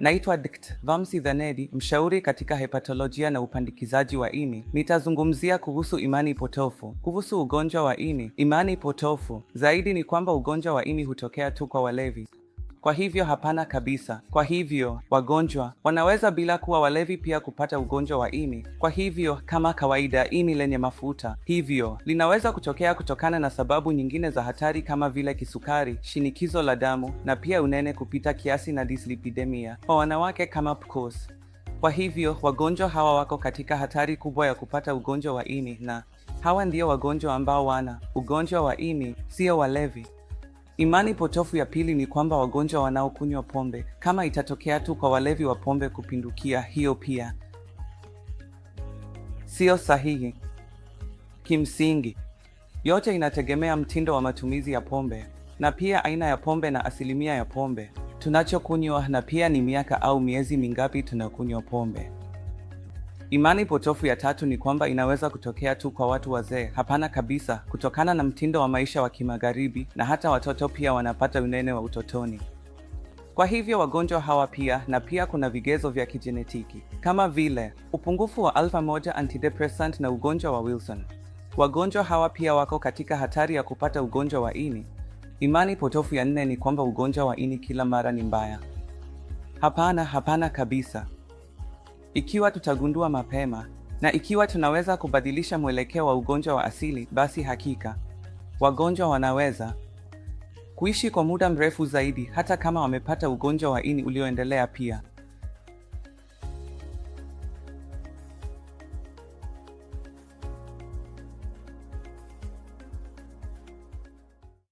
Naitwa Dkt. Vamsi Dhanedi, mshauri katika hepatolojia na upandikizaji wa ini. Nitazungumzia kuhusu imani potofu. Kuhusu ugonjwa wa ini, imani potofu zaidi ni kwamba ugonjwa wa ini hutokea tu kwa walevi. Kwa hivyo hapana kabisa. Kwa hivyo wagonjwa wanaweza bila kuwa walevi pia kupata ugonjwa wa ini. Kwa hivyo kama kawaida, ini lenye mafuta hivyo linaweza kutokea kutokana na sababu nyingine za hatari kama vile kisukari, shinikizo la damu na pia unene kupita kiasi na dislipidemia kwa wanawake kama PCOS. Kwa hivyo wagonjwa hawa wako katika hatari kubwa ya kupata ugonjwa wa ini, na hawa ndio wagonjwa ambao wana ugonjwa wa ini, sio walevi. Imani potofu ya pili ni kwamba wagonjwa wanaokunywa pombe, kama itatokea tu kwa walevi wa pombe kupindukia, hiyo pia sio sahihi. Kimsingi, yote inategemea mtindo wa matumizi ya pombe na pia aina ya pombe na asilimia ya pombe tunachokunywa na pia ni miaka au miezi mingapi tunakunywa pombe. Imani potofu ya tatu ni kwamba inaweza kutokea tu kwa watu wazee. Hapana kabisa. Kutokana na mtindo wa maisha wa kimagharibi, na hata watoto pia wanapata unene wa utotoni. Kwa hivyo wagonjwa hawa pia na pia kuna vigezo vya kijenetiki kama vile upungufu wa alfa moja antidepressant na ugonjwa wa Wilson. Wagonjwa hawa pia wako katika hatari ya kupata ugonjwa wa ini. Imani potofu ya nne ni kwamba ugonjwa wa ini kila mara ni mbaya. Hapana, hapana kabisa. Ikiwa tutagundua mapema na ikiwa tunaweza kubadilisha mwelekeo wa ugonjwa wa asili, basi hakika wagonjwa wanaweza kuishi kwa muda mrefu zaidi hata kama wamepata ugonjwa wa ini ulioendelea pia.